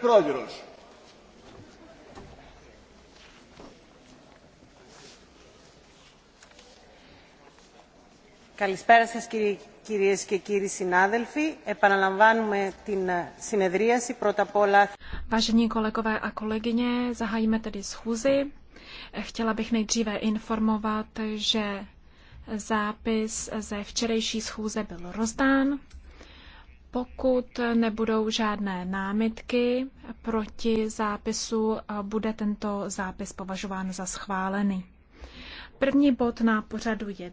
Πρόεδρος. Καλησπέρα σας κύριε, κυρίες και κύριοι συνάδελφοι. Επαναλαμβάνουμε την συνεδρίαση πρώτα απ' όλα. Vážení kolegové a kolegyně, zahájíme tedy schůzi. Chtěla bych nejdříve informovat, že zápis ze včerejší schůze byl rozdán. Pokud nebudou žádné námitky proti zápisu, bude tento zápis považován za schválený. První bod na pořadu je